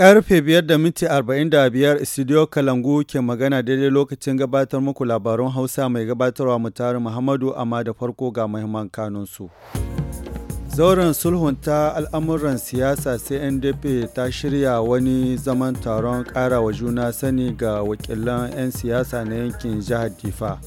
Karfe biyar da Studio Kalangu ke magana daidai lokacin gabatar muku labarun Hausa mai gabatarwa mutari Muhammadu amma da farko ga mahimman kanunsu. Zauren sulhunta al'amuran siyasa CNDP ta shirya wani zaman taron ƙara juna sani ga wakilan 'yan siyasa na yankin jihar Difa.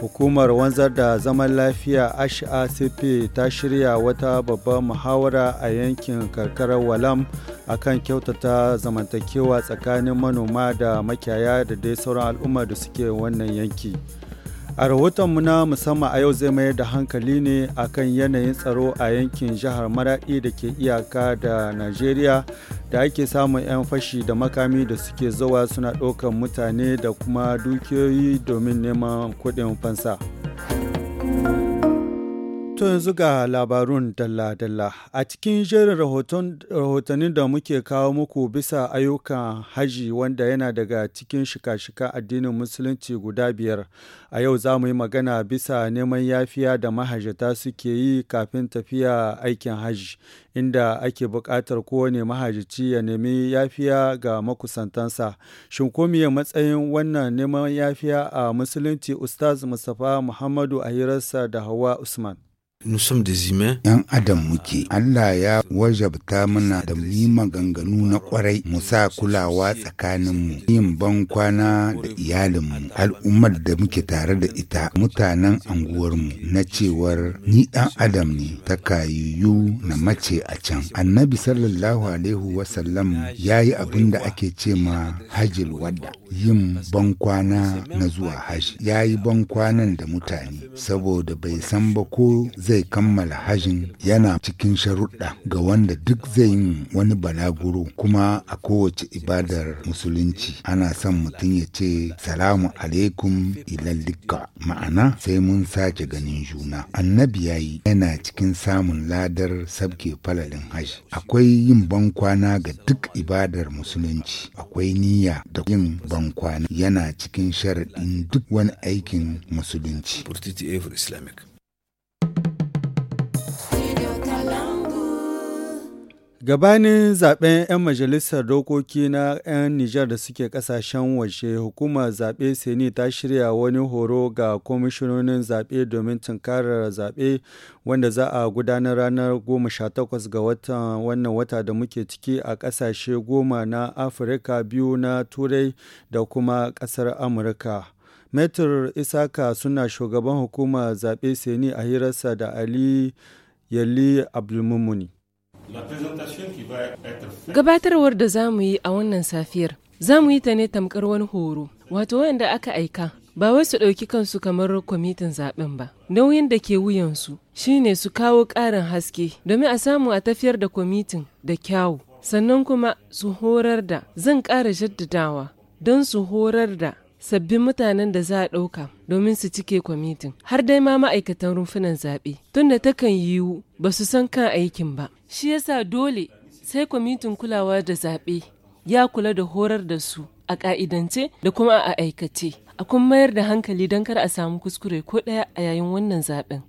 hukumar wanzar da zaman lafiya hrcp ta shirya wata babbar muhawara a yankin karkarar walam akan kyautata zamantakewa tsakanin manoma da makiyaya da dai sauran al'ummar da suke wannan yanki. A rahoton na musamman a yau zai mayar da hankali ne akan yanayin tsaro a yankin jihar Maraɗi da ke iyaka da Najeriya da ake samun 'yan fashi da makami da suke zuwa suna ɗaukar mutane da kuma dukiyoyi domin neman kuɗin fansa. To yanzu ga labarun dalla-dalla a cikin jerin rahotannin da muke kawo muku bisa ayyukan haji wanda yana daga cikin shika-shika addinin musulunci guda biyar. A yau za mu yi magana bisa neman yafiya da mahajata suke yi kafin tafiya aikin haji, inda ake buƙatar kowane mahajici ya nemi yafiya ga makusantansa. Shin komiye matsayin wannan neman yafiya a musulunci Ustaz Mustapha Muhammadu a da Hawa Usman. Yan adam muke, Allah ya wajabta mana da mu ganganu maganganu na kwarai mu sa kulawa mu yin ban kwana da iyalinmu, al'ummar da muke tare da ita, mutanen anguwar mu na cewar ni ɗan adam ne ta kayiyu na mace a can. Annabi sallallahu alaihi wasallam ya yi abin ake ce ma hajil wadda, yin ban kwana na zuwa haji. yayi yi ban kwanan da mutane, saboda bai san ba ko zai zai kammala hajin yana cikin sharuɗa ga wanda duk zai yi wani balaguro kuma a kowace ibadar musulunci ana son mutum ya ce salamu alaikum ilallika ma'ana sai mun sake ganin juna annabi ya yi. yana cikin samun ladar sabke falalin haji akwai yin bankwana ga duk ibadar musulunci akwai niyya da yin bankwana yana cikin sharaɗin duk wani aikin musulunci Gabanin zaben 'yan majalisar dokoki na 'yan Nijar da suke kasashen waje, hukumar zaɓe Seni ta shirya wani horo ga kwamishinonin zaɓe domin tunkarar zaɓe wanda za a gudanar ranar 18 ga watan wannan wata da muke ciki a ƙasashe goma na Afirka biyu na Turai da kuma ƙasar Amurka. Metur Isaka suna shugaban hukumar zaɓe Seni a hirarsa da Ali yali Abdulmumuni. Gabatarwar da za mu yi a wannan safiyar, za mu yi ta ne tamkar wani horo, wato wanda aka aika, ba wai su ɗauki kansu kamar kwamitin zaɓen ba. Nauyin da ke wuyansu shi ne su kawo ƙarin haske domin a samu a tafiyar da kwamitin da kyawu, sannan kuma su horar da zan ƙara jaddadawa don su horar da sabbin mutanen da za a ɗauka domin su cike kwamitin har dai ma ma'aikatan rumfunan zaɓe tunda takan yiwu ba su san kan aikin ba shi yasa dole sai kwamitin kulawa da zaɓe ya kula da horar da su a ƙa'idance da kuma a aikace a kun mayar da hankali don kar a samu kuskure ko ɗaya a yayin wannan zaɓen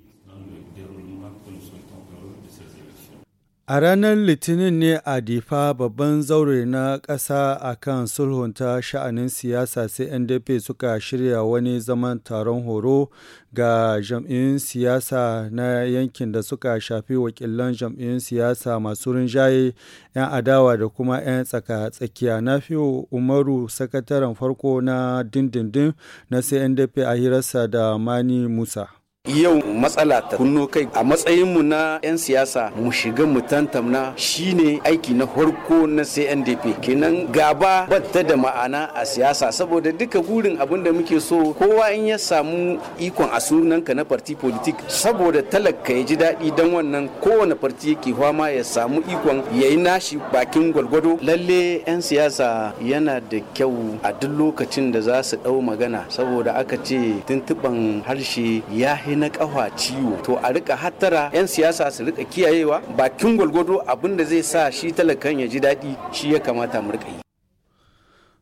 A ranar Litinin ne a Difa babban zaure na ƙasa a kan sulhunta sha'anin siyasa sai NDP suka shirya wani zaman taron horo ga jam'iyyun siyasa na yankin da suka shafi wakilan jam'iyyun siyasa masu rinjaye 'yan adawa da kuma 'yan tsaka-tsakiya. Na fi Umaru sakataren farko na dindindin na sai NDP a hirarsa da Mani Musa. yau matsala ta kunno kai a matsayin mu na 'yan siyasa mu shiga mu tantamna shine aiki na farko na CNDP kenan gaba batta da ma'ana a siyasa saboda duka gurin abin da muke so kowa in ya samu ikon a sunanka na parti politik saboda talaka ya ji daɗi don wannan kowane parti yake fama ya samu ikon ya yi nashi bakin gwalgwado lalle 'yan siyasa yana da kyau a duk lokacin da za su ɗau magana saboda aka ce tuntuɓan harshe ya na kafa ciwo to a rika hattara 'yan siyasa su rika kiyayewa bakin gwalgwado abin da zai sa shi talakan ya ji daɗi shi ya kamata mu rika yi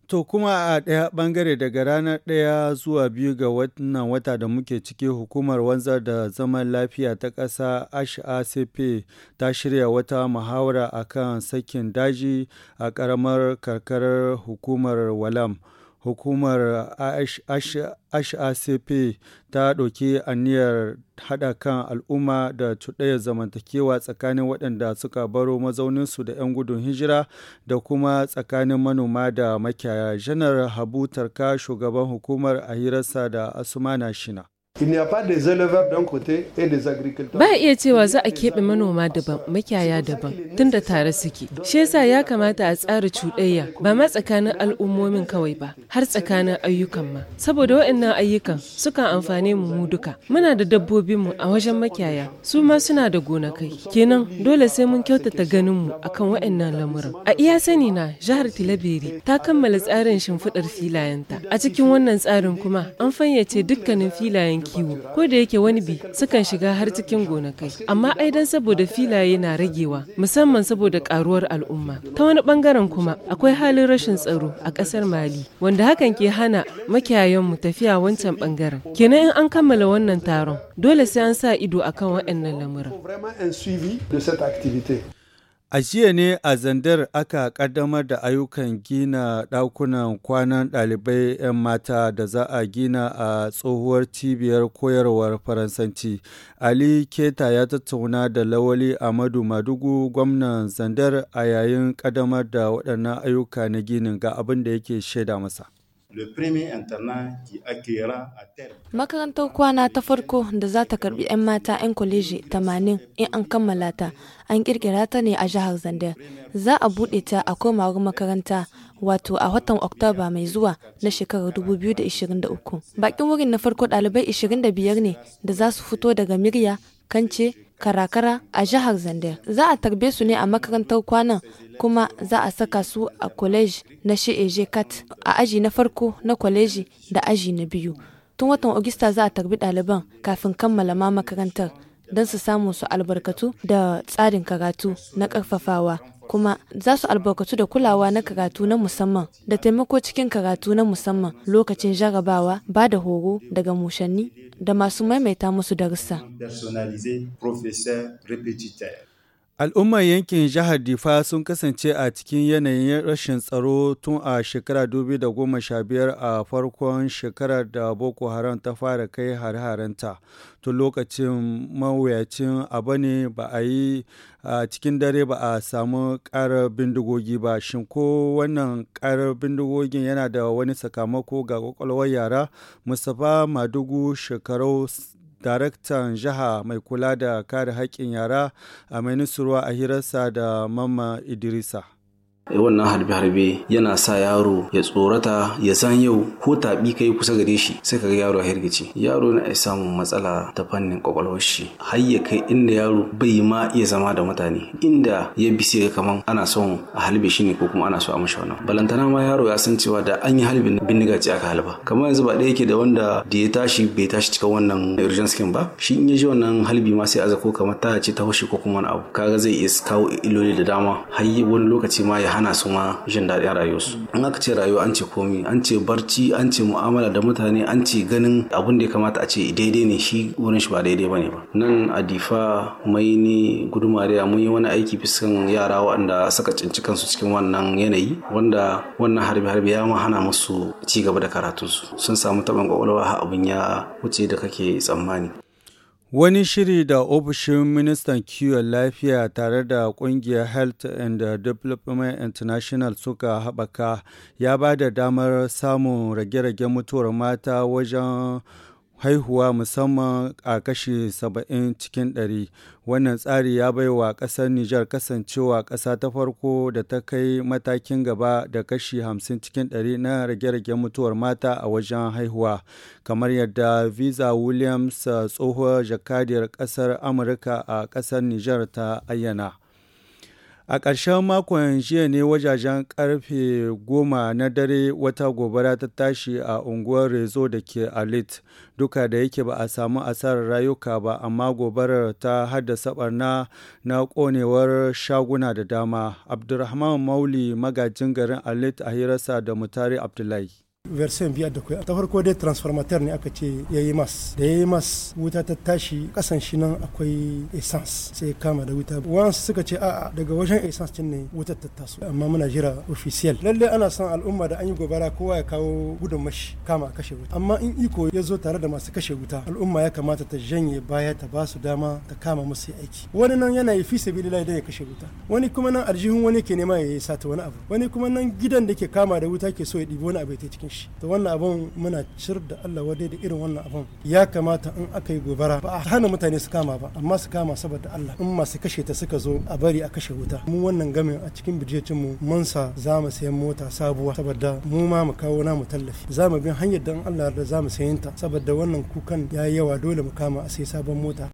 To kuma a ɗaya ɓangare daga ranar ɗaya zuwa biyu ga wannan wata da muke ciki hukumar wanza da zaman lafiya ta ƙasa HACP ta shirya wata muhawara akan sakin daji a ƙaramar karkarar hukumar Walam. Hukumar HACP ta ɗauki aniyar haɗa kan al'umma da cuɗayar zamantakewa tsakanin waɗanda suka baro mazauninsu da 'yan gudun hijira da kuma tsakanin manoma da makiyaya. Janar Habu Tarka, shugaban hukumar a hirarsa da Asumana Shina. Ba iya cewa za a keɓe manoma daban, makiyaya daban, tun da tare suke. Shi yasa ya kamata a tsara cuɗayya ba ma tsakanin al'ummomin kawai ba, har tsakanin ayyukan ma. Saboda waɗannan ayyukan sukan amfane mu mu duka. Muna da dabbobinmu a wajen makiyaya, su ma suna da gonakai. Kenan dole sai mun kyautata ganinmu kan waɗannan lamuran. A iya sani na jihar Tilaberi ta kammala tsarin shimfiɗar filayenta. A cikin wannan tsarin kuma an fayyace dukkanin filayen kiwo ko da yake wani bi sukan shiga har cikin gonakai amma ai dan saboda filaye na ragewa musamman saboda karuwar al'umma ta wani bangaren kuma akwai halin rashin tsaro a kasar mali wanda hakan ke hana makiyayan mu tafiya wancan bangaren kenan in an kammala wannan taron dole sai an sa ido akan waɗannan lamuran A jiya ne a Zandar aka kaddamar da ayyukan gina ɗakunan kwanan ɗalibai 'yan mata da za a gina a tsohuwar cibiyar koyarwar Faransanci. Ali Keta ya tattauna da Lawali Amadu Madugu gwamnan Zandar a yayin kaddamar da waɗannan ayyuka na ginin ga abin da yake shaida masa. Makarantar kwana ta farko da za ta karbi 'yan mata 'yan kwaleji 80 in an kammala ta, an kirkira ta ne a jihar Zandar. Za a buɗe ta a komawar makaranta wato a watan Oktoba mai zuwa na shekarar 2023. Bakin wurin na farko ɗalibai 25 ne da za su fito daga Mirya, Kance, karakara a jihar Zandar. Za a tarbe su ne a makarantar kwanan kuma za a saka su a kwaleji na she'eje kat a aji na farko na kwaleji da aji na biyu. Tun watan Ogista za a tarbi ɗaliban kafin kammala ma makarantar. don su samu su albarkatu da tsarin karatu na karfafawa kuma za su albarkatu da kulawa na karatu na musamman da taimako cikin karatu na musamman lokacin jarabawa ba da horo daga mushanni da masu maimaita musu darussa. Al'ummar yankin jihar Difa sun kasance a cikin yanayin rashin tsaro tun a shekarar 2015 a farkon shekara da Boko Haram ta fara kai har-haranta. Tun lokacin mawuyacin abu ne ba a yi a cikin dare ba a samu ƙarar bindigogi ba. Shin ko wannan ƙarar bindigogin yana da wani sakamako ga kwakwalwar yara? Mustapha Madugu Shekaru. daraktan jiha mai kula da kare haƙƙin yara a mai a hirarsa da mamma idrisa wannan harbe-harbe yana sa yaro ya tsorata ya san yau ko taɓi kai kusa gare shi sai ka ga yaro ya hirgice yaro na iya samun matsala ta fannin kwakwalwar shi har ya kai inda yaro bai ma iya zama da mutane inda ya bi sai kaman ana son a halbe shi ne ko kuma ana so a mashi wannan balantana ma yaro ya san cewa da an yi halbin bindiga ce aka halba kamar yanzu ba ɗaya yake da wanda da ya tashi bai tashi cikin wannan urgent skin ba shi in ya ji wannan halbi ma sai aza ko kamar ta ce ta hushe ko kuma wani abu kaga zai iya kawo illoli da dama har wani lokaci ma ya hana su ma jin daɗin rayuwarsu in aka ce rayuwa an ce komi an ce barci an ce mu'amala da mutane an ce ganin abun da ya kamata a ce daidai ne shi wurin shi ba daidai bane ba nan a difa mai ni gudumariya mun yi wani aiki fiskan yara waɗanda suka cinci kansu cikin wannan yanayi wanda wannan harbe harbe ya ma hana musu ci gaba da karatunsu sun samu taɓin kwakwalwa abin ya wuce da kake tsammani Wani shiri da Ofishin Ministan Kiwon Lafiya tare da Ƙungiyar Health and Development International suka haɓaka ya ba da damar samun rage rage mutuwar mata wajen haihuwa musamman a kashi 70 cikin 100 wannan tsari ya bai wa ƙasar nijar kasancewa ƙasa ta farko da ta kai matakin gaba da kashi 50 cikin 100 na rage-rage mutuwar mata a wajen haihuwa kamar yadda visa williams tsohuwar jakadiyar ƙasar amurka a ƙasar nijar ta ayyana A ƙarshen makon jiya ne wajajen karfe goma na dare wata gobara ta tashi a unguwar Rezo da ke Alit. Duka da yake ba a samu asarar rayuka ba, amma gobarar ta haddasa barna na ƙonewar shaguna da dama. Abdulrahman Mauli magajin garin Alit a hirarsa da Mutari Abdullahi. version biyar da kuwa ta farko dai transformateur ne aka ce ya yi mas da ya yi mas wuta ta tashi kasan shi nan akwai essence sai kama da wuta wasu suka ce a daga wajen essence cin ne wuta ta taso amma muna jira official lalle ana son al'umma da an yi gobara kowa ya kawo gudun mashi kama kashe wuta amma in iko ya zo tare da masu kashe wuta al'umma ya kamata ta janye baya ta ba su dama ta kama musu aiki wani nan yana yi fi sabilillahi dan ya kashe wuta wani kuma nan aljihun wani ke nema ya sata wani abu wani kuma nan gidan da ke kama da wuta ke so ya ɗibi wani abu ya cikin shi to wannan abun muna cir da Allah wadai da irin wannan abun ya kamata in aka yi gobara ba a hana mutane su kama ba amma su kama saboda Allah in masu kashe ta suka zo a bari a kashe wuta mu wannan gamin a cikin bijiyacin mu mun sa za mu sayan mota sabuwa saboda mu ma mu kawo na mu tallafi za mu bin hanyar da in Allah da za mu sayan ta saboda wannan kukan ya yawa dole mu kama a sai sabon mota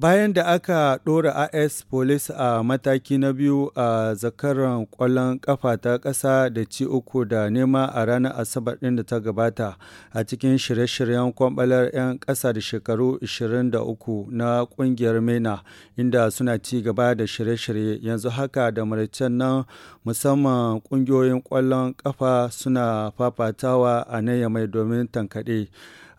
Bayan da aka ɗora AS Police a mataki na biyu a zakaran ƙwallon ƙafa ta ƙasa da ci uku da nema a ranar Asabar ɗin da ta gabata a cikin shirye-shiryen kwamɓalar 'yan ƙasa da shekaru 23 na ƙungiyar MENA inda suna ci gaba da shirye-shirye yanzu haka da maraicen nan musamman ƙungiyoyin ƙwallon ƙafa suna fafatawa a nan mai domin tankaɗe.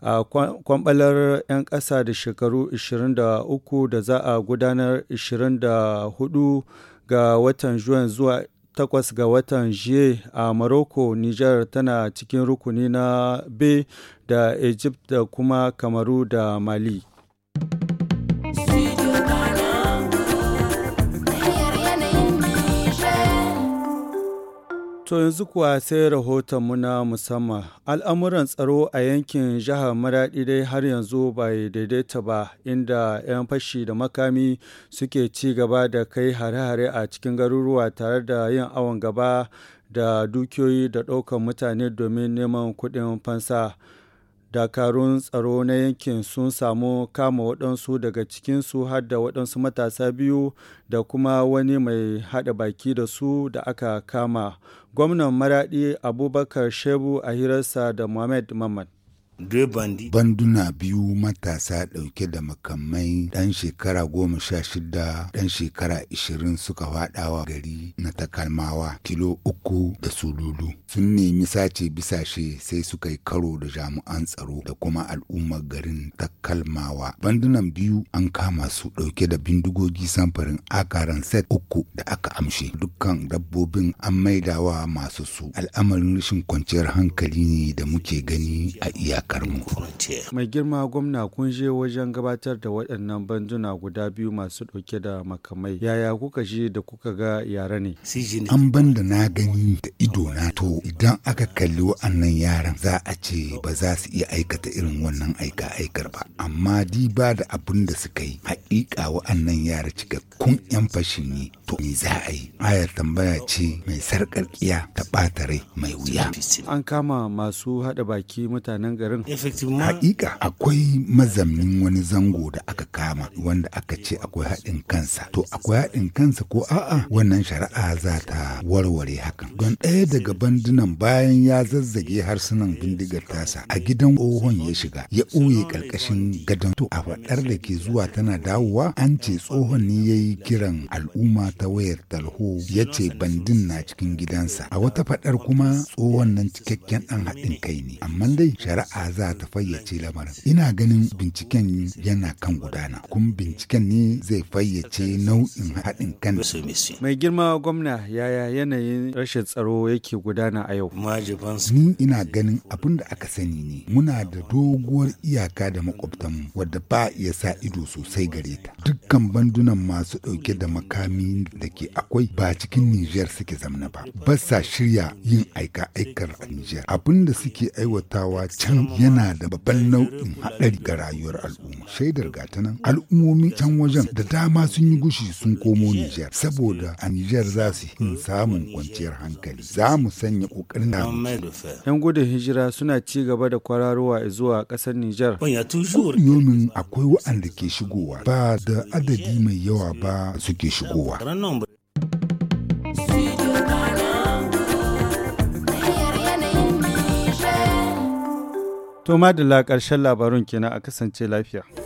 a kwambalar 'yan ƙasa da shekaru 23 da za a gudanar 24 ga watan juan zuwa takwas ga watan jiye a Morocco, niger tana cikin rukuni na B da Egypt da kuma Kamaru da Mali. To yanzu kuwa sai rahoton mu na musamman al'amuran tsaro a yankin jihar Maraɗi dai har yanzu bai daidaita ba inda 'yan fashi da makami suke ci gaba da kai hare-hare a cikin garuruwa tare da yin awon gaba da dukiyoyi da ɗaukar mutane domin neman kuɗin fansa. dakarun tsaro na yankin sun samu kama waɗansu daga cikinsu har da waɗansu matasa biyu da kuma wani mai haɗa baki da su da aka kama gwamnan maraɗi abubakar shebu a hirarsa da muhammad mamad. banduna biyu matasa ɗauke da makamai ɗan shekara goma sha shida ɗan shekara ishirin suka faɗawa gari na takalmawa kilo uku da sululu sun nemi sace bisashe sai suka yi karo da jami'an tsaro da kuma al'umma garin takalmawa bandunan biyu an kama su ɗauke da bindigogi samfarin akaran set uku da aka amshe dukkan dabbobin an maidawa masu su al'amarin rashin kwanciyar hankali ne da muke gani a iyaka kakarmu. Mai girma gwamna kun je wajen gabatar da waɗannan banduna guda biyu masu ɗauke da makamai. Yaya kuka je da kuka ga yara ne? An banda na gani da ido na to idan aka kalli wa'annan yaran za a ce ba za su iya aikata irin wannan aika aikar ba. Amma di ba da abin da suka yi haƙiƙa wa'annan yara cikakkun 'yan fashi ne to me za a yi ayar tambaya ce mai sarƙarƙiya ta ɓata rai mai wuya an kama masu haɗa baki mutanen garin haƙiƙa akwai mazamnin wani zango da aka kama wanda aka ce akwai haɗin kansa to akwai haɗin kansa ko a'a wannan shari'a za ta warware hakan don ɗaya daga bandunan bayan ya zazzage harsunan bindigar tasa a gidan tsohon ya shiga ya ɓoye ƙarƙashin gadon to a faɗar da ke zuwa tana dawowa an ce tsohon ne ya yi kiran al'umma ta. ta wayar talho ya ce bandin na cikin gidansa a wata fadar kuma tsohon nan cikakken dan haɗin kai ne amma dai shari'a za ta fayyace lamarin ina ganin binciken yana kan gudana kuma binciken ne zai fayyace nau'in haɗin kan mai girma gwamna yaya yanayin rashin tsaro yake gudana a yau ni ina ganin abin da aka sani ne muna da doguwar iyaka da makwabtanmu wadda ba iya sa ido sosai gare ta dukkan bandunan masu ɗauke da makami da ke akwai ba cikin Nijar suke zamna ba. Ba sa shirya yin aika-aikar a Nijar. Abin da suke aiwatawa can yana da babban nau'in haɗari ga rayuwar al'umma. Shaidar gata nan al'ummomi can wajen da dama sun yi gushi sun komo Nijar saboda a Nijar za su yi samun kwanciyar hankali. Za mu sanya ƙoƙarin da Yan gudun hijira suna ci gaba da kwararowa zuwa ƙasar Nijar. Yomin akwai waɗanda ke shigowa ba da adadi mai yawa ba suke shigowa. un nombre. To madalla ƙarshen labarun kenan a kasance lafiya.